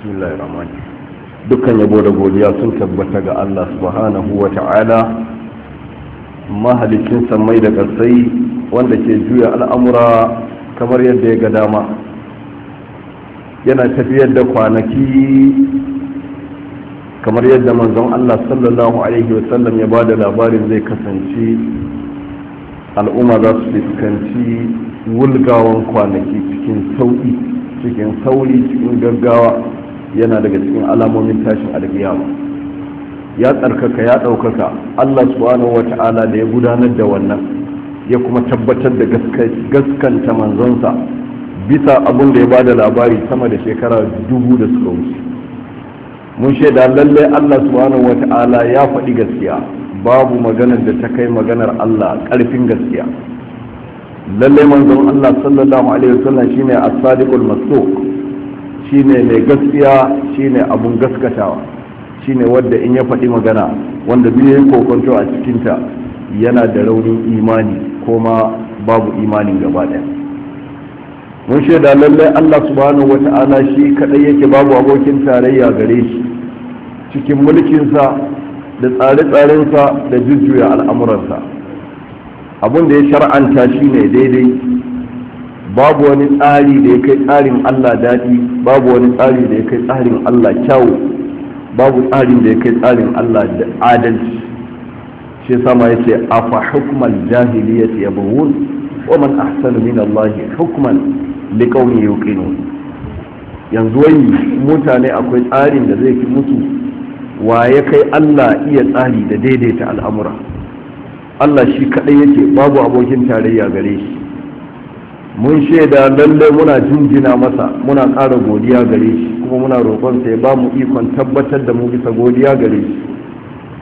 bismillahir dukkan yabo da godiya sun tabbata ga Allah subhanahu wa ta'ala mahalicin samai da ƙasai wanda ke juya al'amura kamar yadda ya ga dama yana tafiyar da kwanaki kamar yadda manzon Allah sallallahu alaihi wasallam ya bada labarin zai kasance al'umma za su fuskanci wulgawan kwanaki cikin sauri cikin gaggawa yana daga cikin alamomin tashin alkiyama ya tsarkaka ya ɗaukaka allah subhanahu wa ta'ala da ya gudanar da wannan ya kuma tabbatar da gaskanta manzonsa bisa abin da ya ba da labari sama da shekara dubu da suka wuce mun shaida lallai allah subhanahu wa ta'ala ya faɗi gaskiya babu maganar da ta kai maganar allah ƙarfin gaskiya lallai manzon allah sallallahu alaihi wasallam shine as-sadiqul masduq shine mai gaskiya shine abun gaskatawa shine wadda in ya faɗi magana wanda duk ya kokonto a cikinta yana da raunin imani ko ma babu imanin gaba ɗaya mun shaida lallai Allah subhanahu wa ta'ala shi kaɗai yake babu abokin tarayya gare shi cikin mulkinsa da tsare-tsarensa da jujjuya al'amuransa abin da ya shar'anta shi ne daidai babu wani tsari da ya kai tsarin Allah daɗi babu wani tsari da ya kai tsarin Allah kyau. babu tsarin da ya kai tsarin Allah da adalci shi sama ya ce a fa hukumar jahiliyyati ya bawun wa man ahsanu min Allah hukuman ya yuqinun yanzu wani mutane akwai tsarin da zai fi mutu wa ya kai Allah iya tsari da daidaita al'amura Allah shi kaɗai yake babu abokin tarayya gare shi mun shaida lalle muna jinjina masa muna ƙara godiya gare shi kuma muna roƙon sai ba mu ikon tabbatar da mu bisa godiya gare shi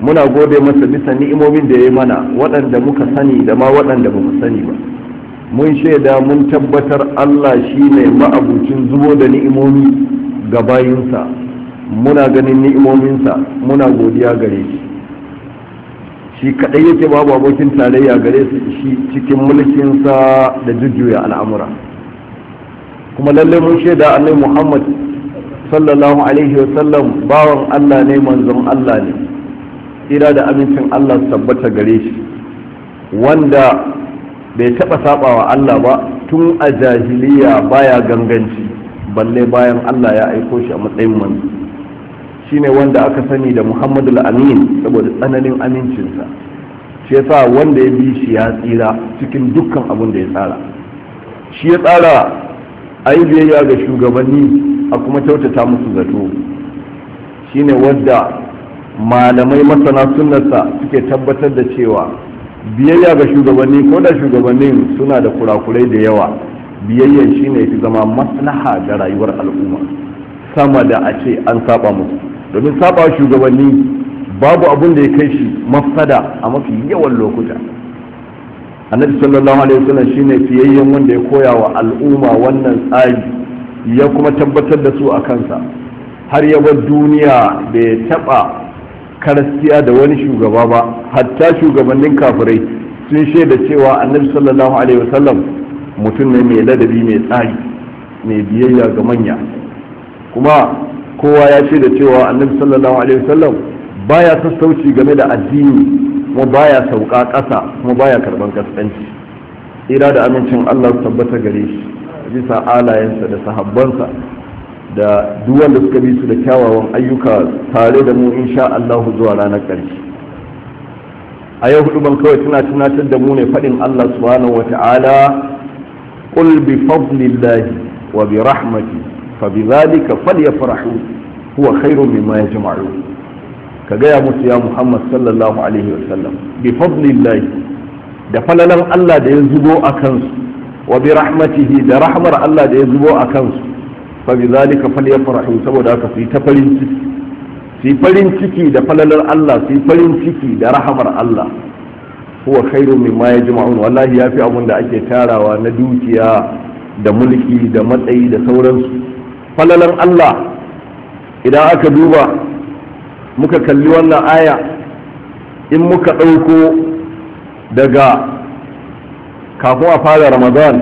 muna gode masa bisa ni'imomin da ya mana waɗanda muka sani da ma waɗanda ba mu sani ba mun shaida mun tabbatar Allah shi ne ma'abucin zubo da ni'imomi ga bayinsa muna ganin ni'imominsa muna godiya gare shi shi kaɗai yake babu abokin tarayya gare su shi cikin mulkinsa da jujjuya al'amura kuma lallai mun shaida annai muhammad sallallahu alaihi wa sallam, bawan allah ne manzon allah ne tsira da amincin allah tabbata gare shi wanda bai taba sabawa allah ba tun a jahiliya baya ganganci balle bayan allah ya aiko shi a matsayin manzo shine wanda aka sani da muhammadu amin saboda tsananin amincinsa shi yasa wanda ya bi shi ya tsira cikin dukkan abin da ya tsara shi ya tsara a biyayya ga shugabanni a kuma kyautata musu zato shine wadda malamai masana sunnarsa suke tabbatar da cewa biyayya ga shugabanni ko da shugabannin suna da kurakurai da yawa biyayyan shine fi zama maslaha ga rayuwar al'umma sama da a ce an saba musu domin saba shugabanni babu abun da ya kai shi mafada a mafi yawan lokuta annabi sallallahu alaihi wasallam shine fiyayyen wanda ya koya wa al'umma wannan tsari ya kuma tabbatar da su a kansa har ya bar duniya bai taba karsiya da wani shugaba ba hatta shugabannin kafirai sun shaida cewa annabi sallallahu alaihi wasallam mutum ne mai ladabi mai tsari mai biyayya ga manya kuma kowa ya ce da cewa annabi sallallahu alaihi wasallam baya sassauci game da addini kuma baya sauka kasa kuma baya karban kaskanci ira da amincin Allah tabbata gare shi bisa alayensa da sahabbansa da duk wanda suka bi su da kyawawan ayyuka tare da mu insha Allah zuwa ranar ƙarshe a yau hudu ban kawai tana tunatar da mu ne faɗin Allah subhanahu wa ta'ala qul bi fadlillahi wa bi rahmatihi فبذلك فليفرحوا هو خير مما يجمعون كجاء موسى يا محمد صلى الله عليه وسلم بفضل الله da falalan Allah da ya zubo a kansu wa bi rahmatihi da rahmar Allah da ya zubo a kansu fa bi zalika falyafrahu saboda haka su yi ta farin ciki su yi farin ciki da falalar Allah su yi farin ciki da rahamar Allah huwa khairu mimma yajma'un wallahi yafi abun da ake tarawa na dukiya da mulki da matsayi da sauransu falalar Allah idan aka duba muka kalli wannan aya in muka ɗauko daga kafin a fara ramadan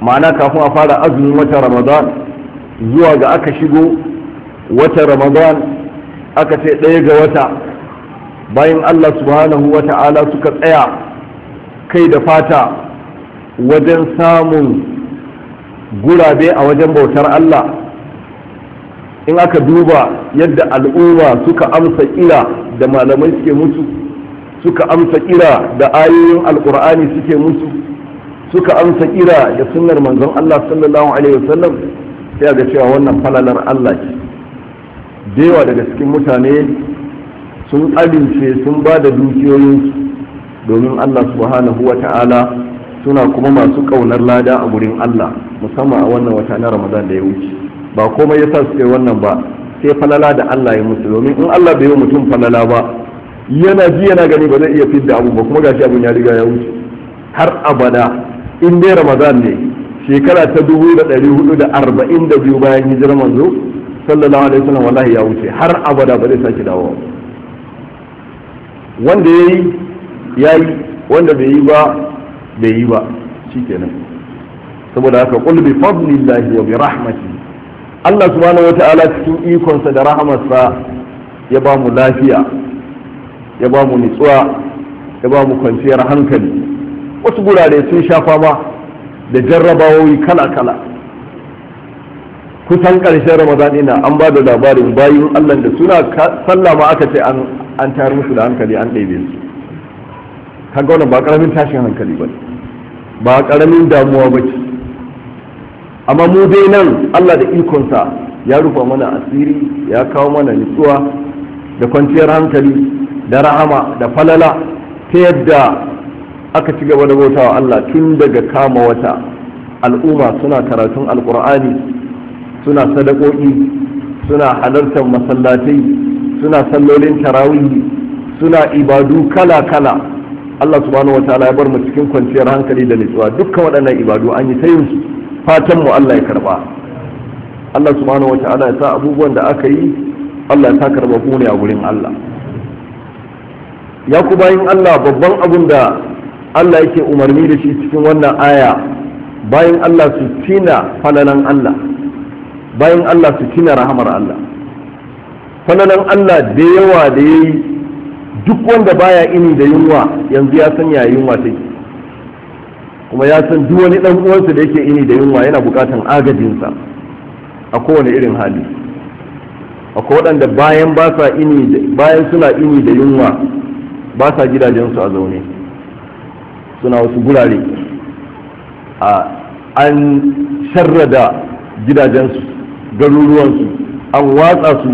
ma'ana kafin a fara azumin wata ramadan zuwa ga aka shigo wata ramadan aka ce ɗaya ga wata bayan allah subhanahu wa ta'ala suka tsaya kai da fata wajen samun gurabe a wajen bautar allah in aka duba yadda al'umma suka amsa kira da malamai suke musu suka amsa kira da ayoyin alkur'ani suke musu suka amsa kira da sunnar manzon Allah sallallahu alaihi wasallam sai ga cewa wannan falalar Allah ce dewa daga cikin mutane sun alince sun ba da dukiyoyinsu domin Allah subhanahu wa ta'ala suna kuma masu ƙaunar lada a gurin Allah musamman a wannan wata na Ramadan da ya wuce ba komai ya sa su kai wannan ba sai falala da Allah ya musu domin in Allah bai yi mutum falala ba yana ji yana gani ba zai iya fidda abu ba kuma gashi abun ya riga ya wuce har abada in dai ramadan ne shekara ta dubu da ɗari hudu da arba'in da biyu bayan hijirar manzo sallallahu alaihi wasallam wallahi ya wuce har abada ba zai sake dawo wanda ya yi ya yi wanda bai yi ba bai yi ba shikenan saboda haka qul bi fadlillahi wa bi rahmatihi Allah subhanahu wata'ala cikin ikonsa da rahamarsa ya ba mu lafiya ya ba mu nutsuwa ya ba mu kwanciyar hankali wasu gurare sun shafa fama da jarrabawoyi kala-kala kusan ƙarshen ramadan ina an ba da labarin bayin allah da suna sallama aka ce an tayar musu da hankali an ɗaibe su kaga wannan ba ƙaramin tashin hankali ba ba ƙaramin damuwa ba ce amma mu dai nan Allah da ikonsa ya rufa mana asiri ya kawo mana nutsuwa da kwanciyar hankali da rahama da falala ta yadda aka ci gaba da bautawa Allah tun daga kama wata al'umma suna karatun alkur'ani suna sadakoki suna halartar masallatai suna sallolin tarawihi suna ibadu kala-kala Allah subhanahu wa ta'ala ya bar mu cikin kwanciyar hankali da nutsuwa dukkan waɗannan ibadu an yi ta yin su fatan mu Allah ya karba Allah subhanahu ta'ala ya sa abubuwan da aka yi Allah ya sa karba ku ne a gurin Allah ya ku bayin Allah babban abun da Allah yake umarni da shi cikin wannan aya bayin Allah su tina falalan Allah bayin Allah su tina rahamar Allah falalan Allah da yawa da yayi duk wanda baya ini da yunwa yanzu ya san ya yunwa take kuma ya san duk wani dan uwansa da yake ini da yunwa yana bukatan agajinsa a kowane irin hali akwai waɗanda bayan ba sa ini bayan suna ini da yunwa ba sa gidajensu a zaune suna wasu gurare a an sharrada gidajensu garuruwansu an watsa su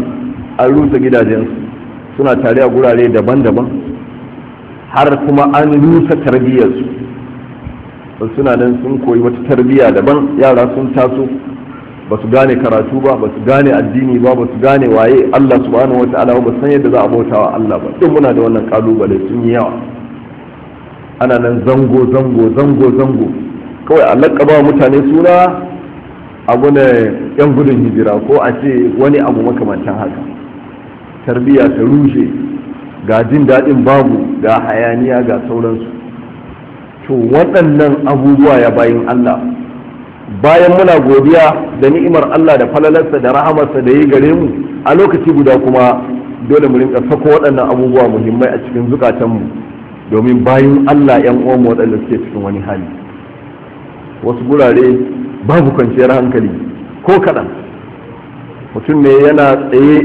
an rusa gidajensu suna tare a gurare daban-daban har kuma an rusa tarbiyyarsu suna nan sun koyi wata tarbiyya daban yara sun taso ba su gane karatu ba ba su gane addini ba ba su gane waye Allah subhanahu wata'ala ba san yadda za a wa Allah ba duk muna da wannan kalubale sun yi yawa ana nan zango zango zango zango kawai a ba mutane suna abu na yan gudun hijira ko a ce wani abu makamantan haka tarbiyya ta rushe ga jin daɗin babu ga hayaniya ga sauransu to waɗannan abubuwa ya bayin Allah bayan muna godiya da ni'imar Allah da falalarsa da rahamarsa da yi gare mu a lokaci guda kuma dole mu rinka sako waɗannan abubuwa muhimmai a cikin zukatanmu domin bayan Allah yan uwan waɗanda suke cikin wani hali wasu gurare babu kwanciyar hankali ko kaɗan mutum ne yana tsaye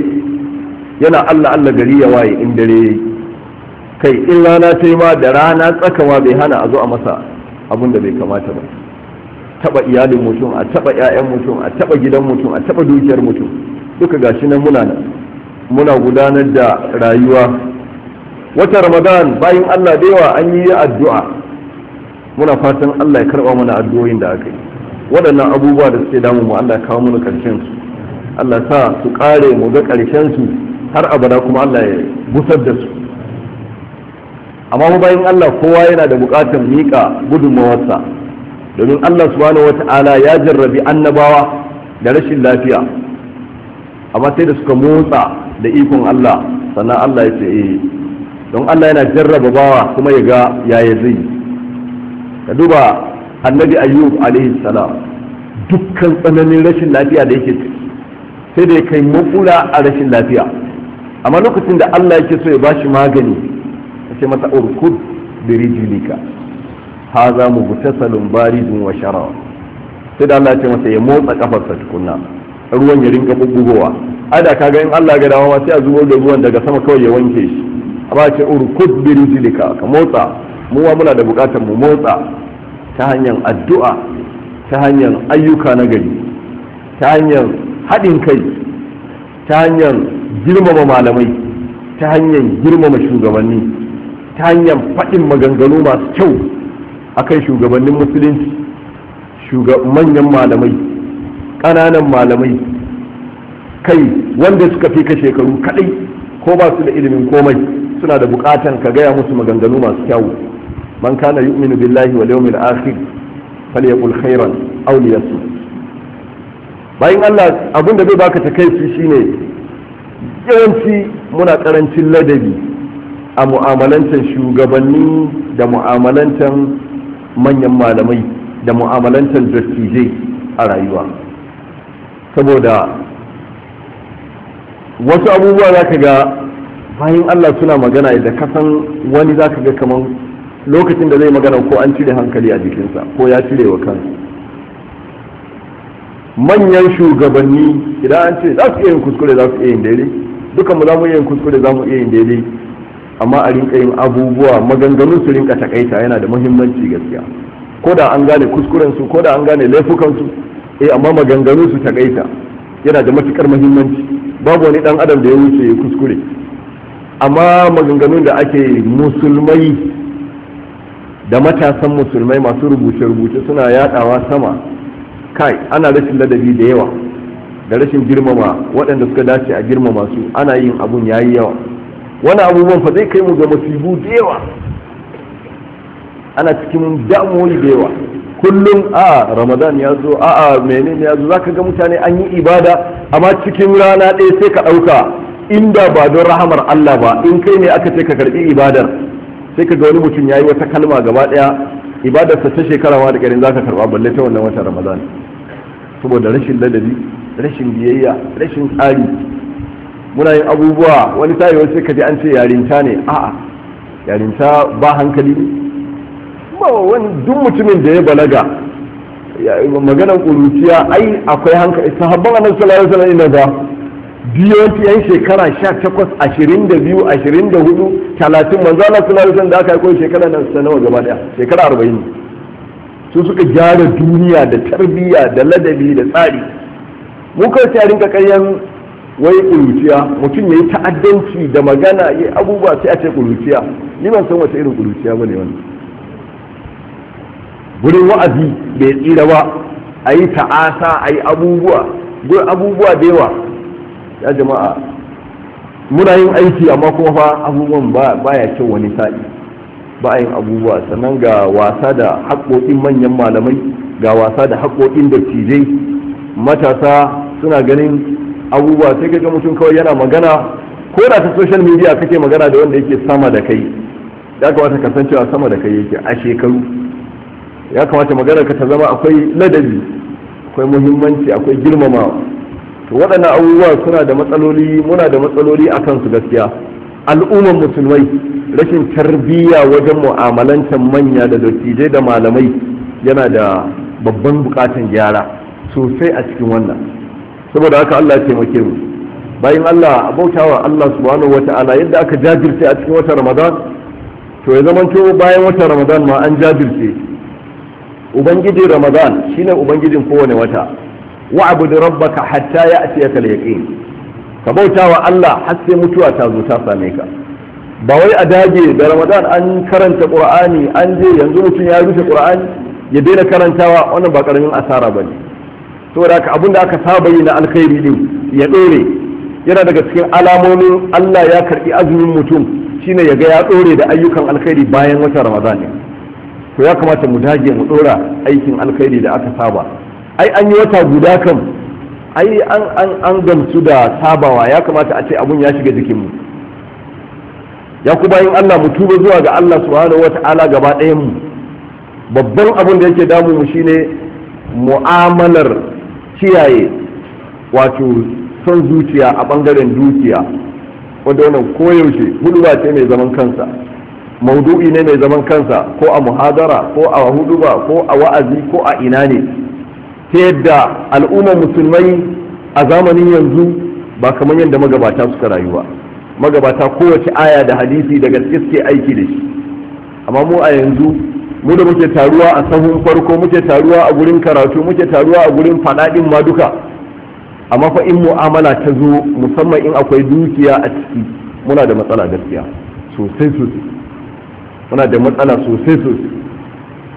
yana Allah Allah gari ya waye in dare yayi kai in rana ta yi ma da rana tsakawa bai hana a zo a masa abin da bai kamata ba taba iyalin mutum a taba 'ya'yan mutum a taba gidan mutum a taba dukiyar mutum duka gashi nan muna muna gudanar da rayuwa wata ramadan bayan allah da yawa an yi addu'a muna fatan allah ya karba mana addu'o'in da aka yi waɗannan abubuwa da suke damu mu allah ya kawo mana karshen su allah sa su kare mu ga karshen su har abada kuma allah ya busar da su amma mu bayan Allah kowa yana da bukatar miƙa gudunmawarsa domin Allah subhanahu wata'ala ya jarrabi annabawa da rashin lafiya amma sai da suka motsa da ikon Allah sannan Allah ya ce eh don Allah yana jarraba bawa kuma ya ga yaya zai ka duba annabi ayyub alaihi salam dukkan tsananin rashin lafiya da yake sai da ya kai makula a rashin lafiya amma lokacin da Allah yake so ya bashi magani ce masa urkud bi rijlika haza mubtasalun baridun wa sharar sai da Allah ya ce masa ya motsa kafarsa tukunna ruwan ya rinka bubbugowa ada kaga in Allah ga dawa sai a zubo da ruwan daga sama kawai ya wanke shi amma ce urkud bi rijlika ka motsa mu wa muna da bukatar mu motsa ta hanyar addu'a ta hanyar ayyuka na gari ta hanyar haɗin kai ta hanyar girmama malamai ta hanyar girmama shugabanni ta hanyar faɗin maganganu masu kyau a kan shugabannin musulunci manyan malamai ƙananan malamai kai wanda suka fi ka shekaru kaɗai ko ba su da ilimin komai suna da buƙatan ka gaya musu maganganu masu kyau man kana yu'minu billahi wal yawmil akhir falyaqul khairan aw liyasmut bayan Allah abin da zai baka takeici shine yawanci muna karancin ladabi a mu'amalantar shugabanni da mu'amalantar manyan malamai da mu'amalantar dattijai a rayuwa saboda wasu abubuwa za ka ga bayan allah suna magana da kasan wani za ka ga kamar lokacin da zai magana ko an cire hankali a jikinsa ko ya cire wa kansa manyan shugabanni idan an ce za su iya yin kuskure za su iya yin daidai dukan mu za mu iya yin kuskure za mu iya yin daidai amma a rinka yin abubuwa maganganun su rinka takaita yana da muhimmanci gaskiya ko da an gane kuskuren su ko da an gane laifukan su eh amma maganganun su takaita yana da matukar muhimmanci babu wani dan adam da ya wuce ya kuskure amma maganganun da ake musulmai da matasan musulmai masu rubuce-rubuce suna yadawa sama kai ana rashin ladabi da yawa da rashin girmama waɗanda suka dace a girmama su ana yin abun yayi yawa wani abubuwan fa zai kai mu ga masibu da yawa ana cikin damuwoyi da yawa kullum a ramadan ya zo a a menene ya zo zaka ga mutane an yi ibada amma cikin rana ɗaya sai ka ɗauka inda ba don rahamar Allah ba in kai ne aka ce ka karbi ibadar sai ka ga wani mutum yayi wata kalma gaba ɗaya ibadarsa ta shekara ma da garin zaka karba balle ta wannan watan ramadan saboda rashin ladabi rashin biyayya rashin tsari muna yin abubuwa wani tayi wasu kaji an ce yarinta ne a'a yarinta ba hankali ne ba wani duk mutumin da ya balaga maganan ƙuruciya ai akwai hankali sahabban annabi sallallahu alaihi wasallam ina biyo biyoci yan shekara 18 22 24 30 manzo Allah sallallahu alaihi da aka yi shekara nan sanawa gaba daya shekara 40 su suka gyara duniya da tarbiyya da ladabi da tsari mu kai sai rinka wai ƙuruciya mutum ya yi ta'addanci da magana ya abubuwa sai a ce ni ban san wace irin ƙuruciya ba ne wani gurin wa'azi bai tsira ba a yi ta'asa a yi abubuwa gurin abubuwa da yawa ya jama'a muna yin aiki amma kuma fa abubuwan ba ya kyau wani sa'i ba yin abubuwa sannan ga wasa da haƙoƙin manyan malamai ga wasa da haƙoƙin dattijai matasa suna ganin abubuwa sai ga mutum kawai yana magana ko da ta social media kake magana da wanda yake sama da kai ya kamata ka san cewa sama da kai yake a shekaru ya kamata maganar ka ta zama akwai ladabi akwai muhimmanci akwai girmama to waɗannan abubuwa suna da matsaloli muna da matsaloli a kansu gaskiya al'ummar musulmai rashin tarbiyya wajen mu'amalantar manya da dattijai da malamai yana da babban bukatan gyara sosai a cikin wannan saboda haka Allah ya taimake mu bayan Allah abautawa Allah subhanahu wata'ala yadda aka jajirce a cikin watan Ramadan to ya zamanto bayan watan Ramadan ma an jajirce ubangijin Ramadan shine ubangijin kowane wata wa'bud rabbaka hatta ya'tiyaka al-yaqin ka bautawa Allah har sai mutuwa ta zo ta same ka ba wai a dage da Ramadan an karanta Qur'ani an je yanzu mutum ya rufe Qur'ani ya daina karantawa wannan ba karamin asara bane saboda haka abinda aka saba yi na alkhairi din ya dore yana daga cikin alamomin Allah ya karbi azumin mutum shine ya ga ya dore da ayyukan alkhairi bayan watan Ramadan ne to ya kamata mu dage mu dora aikin alkhairi da aka saba ai an yi wata guda kan ai an an an gamsu da sabawa ya kamata a ce abun ya shiga jikin mu ya ku bayin Allah mu tuba zuwa ga Allah subhanahu wata'ala gaba ɗayan mu babban abin da yake damu mu shine mu'amalar kiyaye wato son zuciya a bangaren dukiya wanda wannan koyaushe huduba ce mai zaman kansa maudu'i ne mai zaman kansa ko a muhadara ko a huduba ko a wa'azi ko a ina ne ta yadda al'ummar musulmai a zamanin yanzu ba kamar yadda magabata suka rayu ba magabata kowace aya da hadisi daga suke aiki da shi amma mu a yanzu mu da muke taruwa a sahun farko muke taruwa a gurin karatu muke taruwa a gurin faɗaɗin ma duka amma fa in mu'amala ta zo musamman in akwai dukiya a ciki muna da matsala gaskiya sosai sosai muna da matsala sosai sosai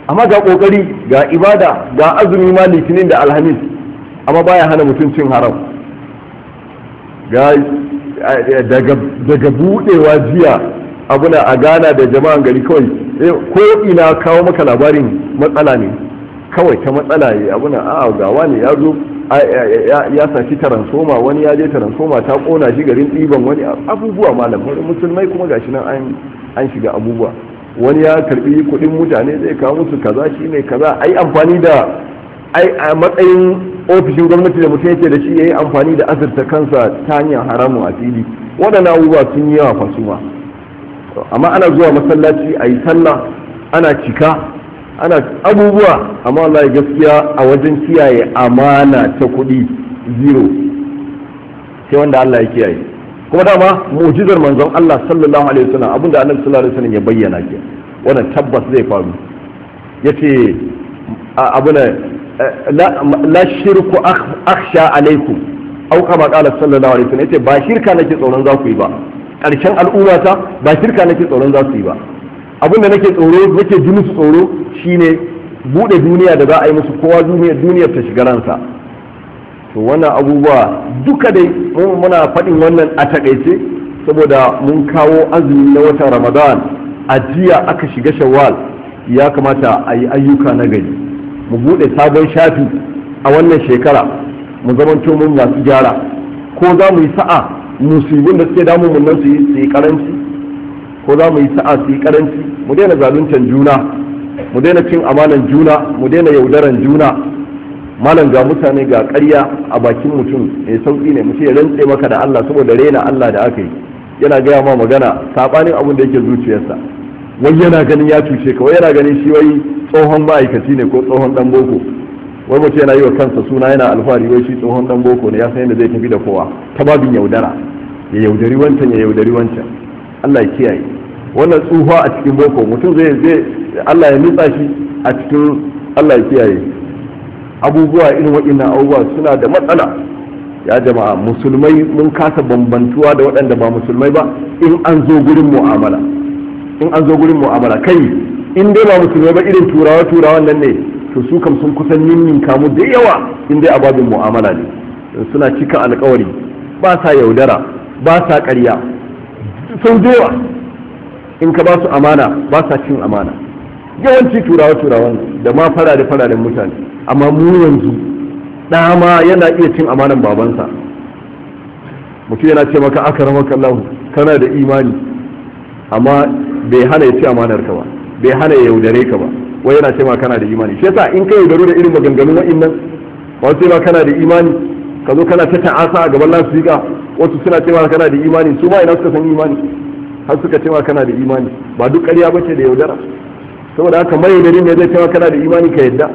amma ga kokari ga ibada ga azumi ma litinin da alhamis amma baya hana mutum cin haram ga eh, daga budewa jiya abuna a gana da jama'an gari kawai Eh, ko ina kawo maka labarin matsala ne kawai ta matsala ya abu na a'a gawa ne ya zo ya saci taransoma wani ya je taransoma ta kona shi garin ɗiban wani abubuwa malam musulmai kuma gashi nan an shiga abubuwa wani ya karbi kuɗin mutane zai kawo musu kaza shi ne kaza ai amfani da ai a matsayin ofishin gwamnati da mutum yake da shi ya yi amfani da azurta kansa ta hanyar haramun a fili waɗannan abubuwa sun yi yawa fasuma amma ana zuwa masallaci a yi sallah ana cika ana abubuwa amma ya gaskiya a wajen kiyaye amana ta kuɗi zero sai wanda Allah ya kiyaye kuma dama mu'jizar manzon Allah sallallahu alaihi wasallam abinda Annabi sallallahu alaihi wasallam ya bayyana ke wannan tabbas zai faru yace abuna la shirku akhsha alaikum au kama qala sallallahu alaihi wasallam yace ba shirka nake tsoron za ku yi ba ƙarshen al'ummata ba shirka nake tsoron za su yi ba abin da nake tsoro nake ji musu tsoro shine bude duniya da za a yi musu kowa duniyar duniyar ta shiga ransa to wannan abubuwa duka dai muna faɗin wannan a takaice saboda mun kawo azumi na watan ramadan a jiya aka shiga shawwal ya kamata a yi ayyuka na gari mu bude sabon shafi a wannan shekara mu zamanto mun masu gyara ko za mu yi sa'a musibin da suke damu mun nan su yi karanci ko za mu yi sa'a su yi karanci mu daina zaluntar juna mu daina cin amanan juna mu daina yaudaran juna malam ga mutane ga karya a bakin mutum mai sauƙi ne mutum ya rantse maka da Allah saboda rena Allah da aka yi yana gaya ma magana saɓanin abin da yake zuciyarsa wai yana ganin ya cuce ka wai yana ganin shi wai tsohon ma'aikaci ne ko tsohon dan boko wai mutum yana yi wa kansa suna yana alfahari wai shi tsohon dan boko ne ya san yadda zai tafi da kowa ta babin yaudara ya yaudari wancan ya yaudari wancan Allah ya kiyaye wannan tsufa a cikin boko mutum zai zai Allah ya nutsa shi a cikin Allah ya kiyaye abubuwa irin waɗannan abubuwa suna da matsala ya jama'a musulmai mun kasa bambantuwa da waɗanda ba musulmai ba in an zo gurin mu'amala in an zo gurin mu'amala kai in dai ba musulmai ba irin turawa turawan nan ne to su kam sun kusan ninnin kamu da yawa in dai ababin mu'amala ne suna cika alkawari ba sa yaudara ba sa ƙarya sun yawa in ka ba su amana ba sa cin amana yawanci turawa turawan da ma da fararen mutane amma mu yanzu yana iya cin amanan babansa mutum yana ce maka aka ramaka kana da imani amma bai hana ya ci amanar ka ba bai hana ya yaudare ka ba wai yana cewa kana da imani shi yasa in ka yaudaru da irin maganganun wa'annan wasu cewa kana da imani ka zo kana ta ta'asa a gaban lafika wasu suna cewa kana da imani su ma ina suka san imani har suka cewa kana da imani ba duk ƙarya bace da yaudara saboda haka mai yaudari ne zai cewa kana da imani ka yadda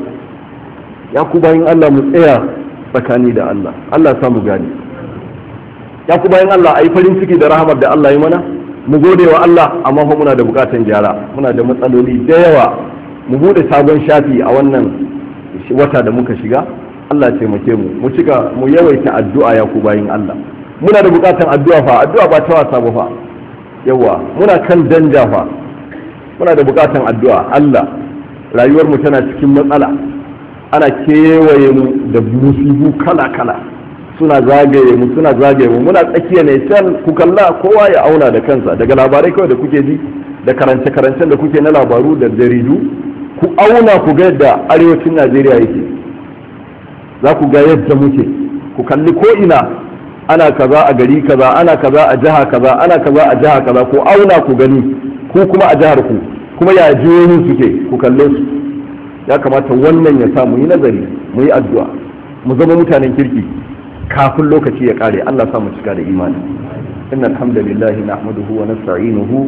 ya ku bayan Allah mu tsaya tsakani da Allah Allah samu gani ya ku bayan Allah yi farin ciki da rahamar da Allah ya mana mu gode wa Allah amma fa muna da bukatan gyara muna da matsaloli da yawa mu bude sabon shafi a wannan wata da muka shiga Allah ce mu mu cika mu yawaita addu'a ya ku bayin Allah muna da bukatan addu'a fa addu'a ba ta wasa ba fa yawa muna kan danja fa muna da bukatan addu'a Allah rayuwar mu tana cikin matsala ana kewaye mu da musibu kala kala suna zagaye mu suna zagaye mu muna tsakiya ne can ku kalla kowa ya auna da kansa daga labarai kawai da kuke ji da karance karancen da kuke na labaru da jaridu ku auna ku ga yadda arewacin Najeriya yake za ku ga yadda muke ku kalli ko ina ana kaza a gari kaza ana kaza a jiha kaza ana kaza a jiha kaza ku auna ku gani ku kuma a jihar ku kuma ya jiyoyin suke ku kalle su ya kamata wannan ya sa mu yi nazari mu yi addu'a mu zama mutanen kirki kafin lokaci ya kare Allah sa mu cika da imani inna alhamdulillah nahmaduhu wa nasta'inuhu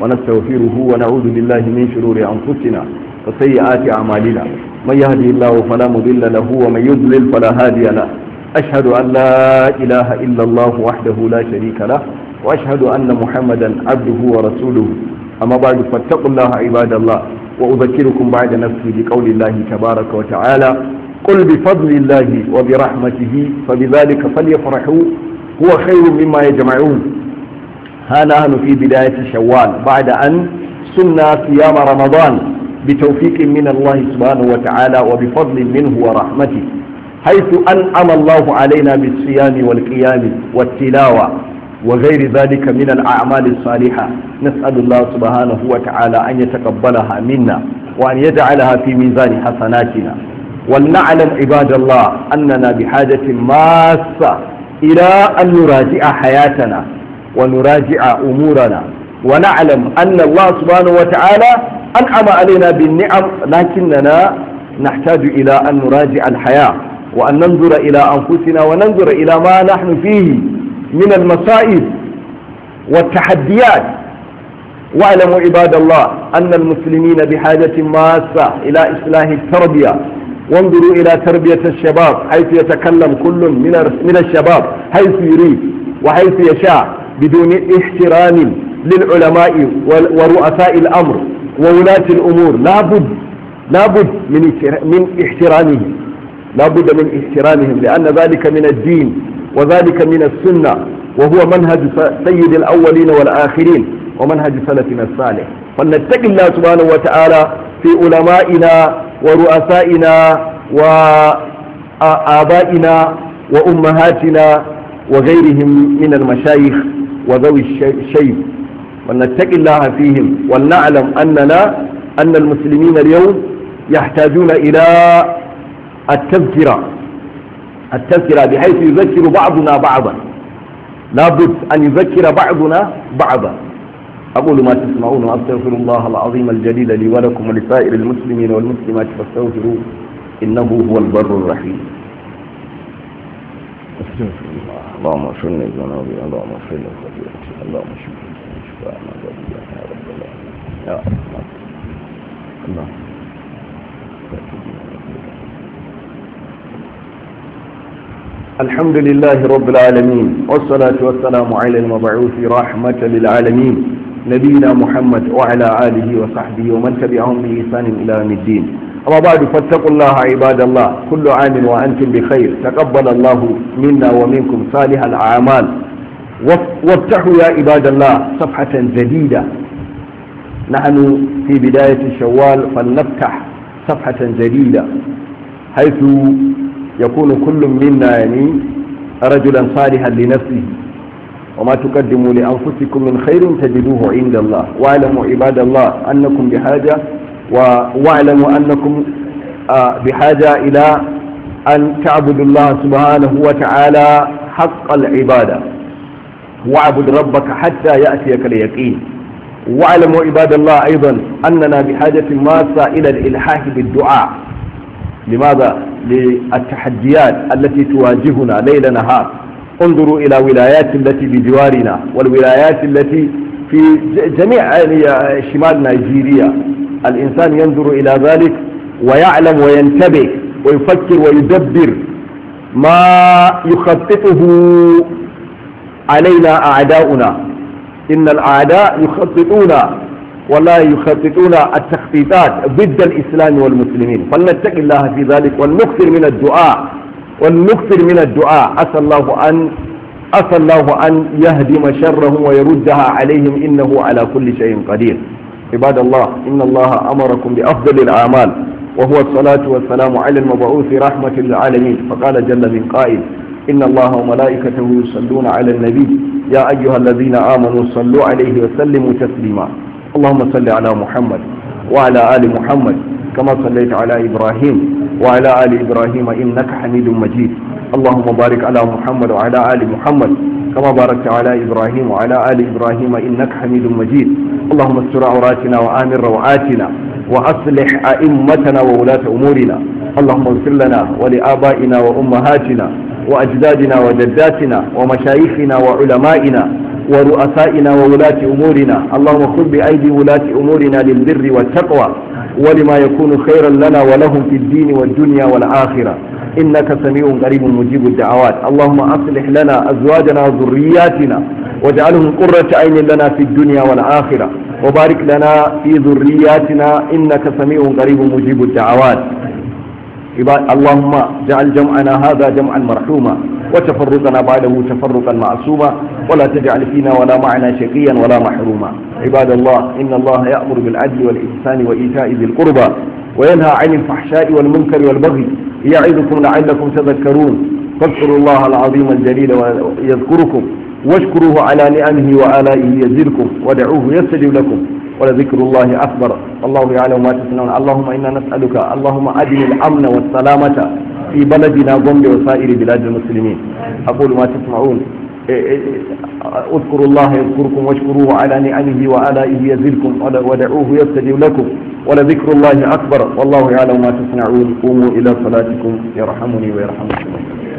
wa nastaghfiruhu wa na'udhu billahi min shururi anfusina wa sayyiati a'malina man yahdihillahu fala mudilla lahu wa man yudlil fala hadiya lahu ashhadu an la ilaha illa Allah wahdahu la sharika lahu wa ashhadu anna muhammadan abduhu wa rasuluhu amma ba'du fattaqullaha ibadallah wa udhakkirukum ba'da nafsi biqawli Allah tabaaraka wa ta'ala قل بفضل الله وبرحمته فبذلك فليفرحوا هو خير مما يجمعون ها نحن في بداية شوال بعد أن سنة صيام رمضان بتوفيق من الله سبحانه وتعالى وبفضل منه ورحمته حيث أنعم الله علينا بالصيام والقيام والتلاوة وغير ذلك من الأعمال الصالحة نسأل الله سبحانه وتعالى أن يتقبلها منا وأن يجعلها في ميزان حسناتنا ولنعلم عباد الله أننا بحاجة ماسة إلى أن نراجع حياتنا ونراجع أمورنا ونعلم أن الله سبحانه وتعالى أنعم علينا بالنعم لكننا نحتاج إلى أن نراجع الحياة وأن ننظر إلى أنفسنا وننظر إلى ما نحن فيه من المصائب والتحديات واعلموا عباد الله أن المسلمين بحاجة ماسة إلى إصلاح التربية وانظروا إلى تربية الشباب حيث يتكلم كل من الشباب حيث يريد وحيث يشاء بدون احترام للعلماء ورؤساء الأمر وولاة الأمور لابد لابد من من احترامهم لابد من احترامهم لأن ذلك من الدين وذلك من السنة وهو منهج سيد الأولين والآخرين ومنهج سلفنا الصالح فلنتقي الله سبحانه وتعالى في علمائنا ورؤسائنا وآبائنا وأمهاتنا وغيرهم من المشايخ وذوي الشيب ونتقي الله فيهم ولنعلم أننا أن المسلمين اليوم يحتاجون إلى التذكرة التذكرة بحيث يذكر بعضنا بعضا لابد أن يذكر بعضنا بعضا أقول ما تسمعون وأستغفر الله العظيم الجليل لي ولكم ولسائر المسلمين والمسلمات فاستغفروه إنه هو البر الرحيم استغفر الله اللهم اغفر على ذنوبي اللهم اغفر على خطيئتي اللهم على شفاءنا يا رب العالمين يا الحمد لله رب العالمين والصلاة والسلام على المبعوث رحمة للعالمين نبينا محمد وعلى آله وصحبه ومن تبعهم بإحسان إلى يوم الدين أما بعد فاتقوا الله عباد الله كل عام وأنتم بخير تقبل الله منا ومنكم صالح الأعمال وافتحوا يا عباد الله صفحة جديدة نحن في بداية الشوال فلنفتح صفحة جديدة حيث يكون كل منا يعني رجلا صالحا لنفسه وما تقدموا لأنفسكم من خير تجدوه عند الله واعلموا عباد الله أنكم بحاجة واعلموا أنكم آه، بحاجة إلى أن تعبدوا الله سبحانه وتعالى حق العبادة واعبد ربك حتى يأتيك اليقين واعلموا عباد الله أيضا أننا بحاجة ماسة إلى الإلحاح بالدعاء لماذا؟ للتحديات التي تواجهنا ليل نهار انظروا إلى ولايات التي بجوارنا والولايات التي في جميع يعني شمال نيجيريا الإنسان ينظر إلى ذلك ويعلم وينتبه ويفكر ويدبر ما يخططه علينا أعداؤنا إن الأعداء يخططون ولا يخططون التخطيطات ضد الإسلام والمسلمين فلنتق الله في ذلك ونكثر من الدعاء ونكثر من الدعاء عسى الله أن عسى الله أن يهدم شرهم ويردها عليهم إنه على كل شيء قدير عباد الله إن الله أمركم بأفضل الأعمال وهو الصلاة والسلام على المبعوث رحمة للعالمين فقال جل من قائل إن الله وملائكته يصلون على النبي يا أيها الذين آمنوا صلوا عليه وسلموا تسليما اللهم صل على محمد وعلى آل محمد كما صليت على إبراهيم وعلى آل إبراهيم إنك حميد مجيد اللهم بارك على محمد وعلى آل محمد كما باركت على إبراهيم وعلى آل إبراهيم إنك حميد مجيد اللهم استر عوراتنا وآمن روعاتنا وأصلح أئمتنا وولاة أمورنا اللهم اغفر لنا ولآبائنا وأمهاتنا وأجدادنا وجداتنا ومشايخنا وعلمائنا ورؤسائنا وولاة أمورنا اللهم خذ بأيدي ولاة أمورنا للبر والتقوى ولما يكون خيرا لنا ولهم في الدين والدنيا والآخرة إنك سميع قريب مجيب الدعوات اللهم أصلح لنا أزواجنا وذرياتنا واجعلهم قرة عين لنا في الدنيا والآخرة وبارك لنا في ذرياتنا إنك سميع قريب مجيب الدعوات اللهم اجعل جمعنا هذا جمعا مرحوما وتفرقنا بعده تفرقا معصوما ولا تجعل فينا ولا معنا شقيا ولا محروما عباد الله إن الله يأمر بالعدل والإحسان وإيتاء ذي القربى وينهى عن الفحشاء والمنكر والبغي يعظكم لعلكم تذكرون فاذكروا الله العظيم الجليل ويذكركم واشكروه على نعمه وآلائه يزلكم ودعوه يستجب لكم ولذكر الله أكبر اللهم يعلم ما تسنون اللهم إنا نسألك اللهم أدن الأمن والسلامة في بلدنا غمبي وسائر بلاد المسلمين أقول ما تسمعون إيه، إيه، إيه، اذكروا الله يذكركم واشكروه على نعمه وآلائه يزلكم ودعوه يستجب لكم ولذكر الله أكبر والله يعلم ما تصنعون قوموا إلى صلاتكم يرحمني ويرحمكم